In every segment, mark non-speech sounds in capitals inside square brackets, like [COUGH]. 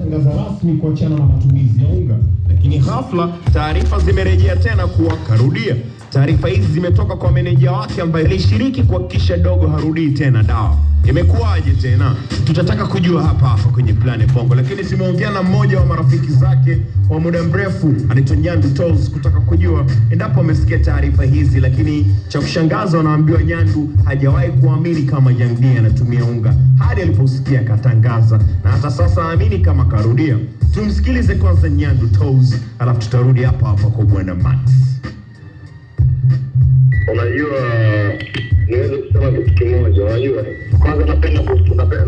tangaza rasmi kuachana na matumizi ya unga, lakini ghafla taarifa zimerejea tena kuwa karudia Taarifa hizi zimetoka kwa meneja wake ambaye alishiriki kuhakikisha Dogo harudii tena dawa. Imekuwaje tena? Tutataka kujua hapa hapa kwenye Planet Bongo, lakini simeongea na mmoja wa marafiki zake wa muda mrefu anaitwa Nyandi Tolls kutaka kujua endapo amesikia taarifa hizi, lakini cha kushangaza wanaambiwa Nyandu hajawahi kuamini kama Young D anatumia unga hadi aliposikia katangaza, na hata sasa aamini kama karudia. Tumsikilize kwanza Nyandu Tolls, alafu tutarudi hapa hapa kwa Bwana Max. Unajua, niweze kusema kitu kimoja. Unajua, kwanza napenda napenda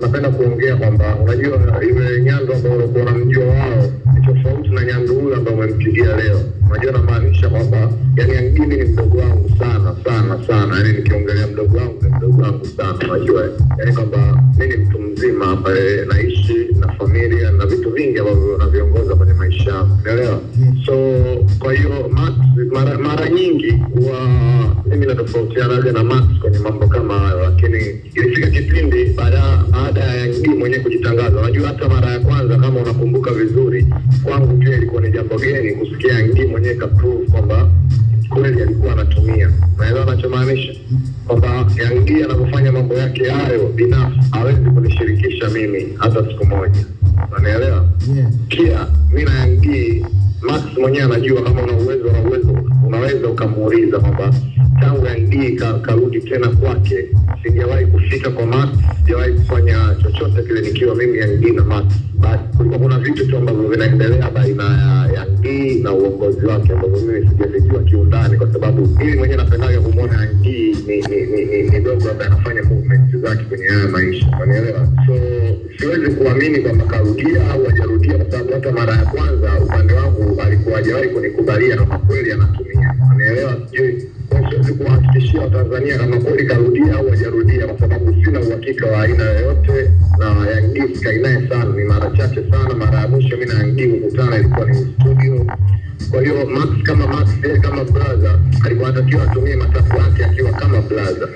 napenda kuongea kwamba unajua ile Nyando ambayo ulikuwa unamjua wao ni tofauti na Nyando huyo ambayo umempigia leo. Unajua, namaanisha kwamba yani Angini ni mdogo wangu sana sana sana, yani nikiongelea mdogo wangu ni mdogo wangu sana. Unajua yani kwamba mi ni mtu mzima ambaye naishi na familia na vitu vingi ambavyo naviongoza kwenye maisha yangu, unaelewa? So kwa hiyo mara, mara nyingi wa mimi natofautianaga na Max kwenye mambo kama hayo, lakini ilifika kipindi baada baada ya Ngidi mwenyewe kujitangaza. Unajua, hata mara ya kwanza kama unakumbuka vizuri, kwangu pia ilikuwa ni jambo geni kusikia Ngidi mwenyewe kaprove kwamba kweli alikuwa anatumia. Naelewa anachomaanisha kwamba Ngidi anapofanya mambo yake hayo binafsi hawezi kunishirikisha mimi hata siku moja, unanielewa? Yeah. Pia mi na Ngidi mtu mwenyewe anajua kama una uwezo na uwezo unaweza ukamuuliza kwamba tangu ND karudi tena kwake sijawahi kufika kwa mat sijawahi kufanya chochote kile nikiwa mimi Young D na mat but kulikuwa kuna vitu tu ambavyo vinaendelea baina ya Young na uongozi wake ambavyo mimi sijafikiwa kiundani, kwa sababu ili mwenyewe napendaga kumwona Young ni ni ni ni dogo ambaye anafanya movements zake kwenye haya maisha, unanielewa? So siwezi kuamini kwamba karudia au hajarudia, kwa sababu hata mara ya kwanza upande wangu alikuwa hajawahi kunikubalia na makweli anatumia, unanielewa? Sijui siwezi kuhakikishia Tanzania kama kweli karudia au hajarudia, kwa sababu sina uhakika wa aina yoyote, na Young D sana, ni mara chache sana. Mara ya mwisho mi na kukutana ilikuwa ni studio. Kwa hiyo Max kama Max, kama brother, alikuwa anatakiwa atumie masafu yake akiwa kama brother,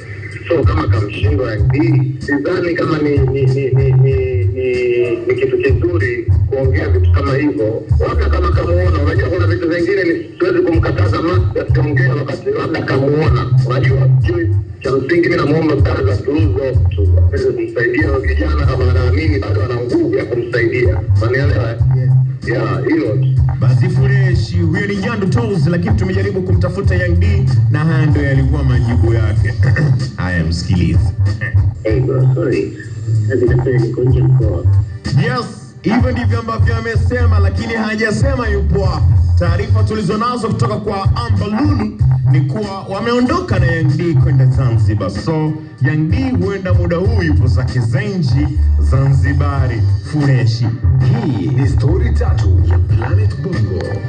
so kama kamshindwa Young sidhani kama ni, ni, ni, ni, ni ni kitu kizuri kuongea vitu kama hivyo, labda kama kamuona. Unajua, kuna vitu vingine ni siwezi kumkataza asiongee wakati labda kamuona. Unajua, cha msingi mi namwomba sana za tuzo kumsaidia kijana, kama anaamini bado ana nguvu ya kumsaidia, unanielewa? ya hilo basi. Fresh huyo ni Jando Tones, lakini tumejaribu kumtafuta Young D na haya ndio yalikuwa majibu yake. [CLEARS THROAT] Haya, msikilize. Hey bro, sorry katika Yes, hivyo ndivyo ambavyo amesema, lakini hajasema yupo wapi. Taarifa tulizonazo kutoka kwa Amba Lulu ni kuwa wameondoka na Young D kwenda Zanzibar. So Young D huenda muda huu yupo zake Zenji Zanzibari fureshi. Hii ni stori tatu ya Planet Bongo.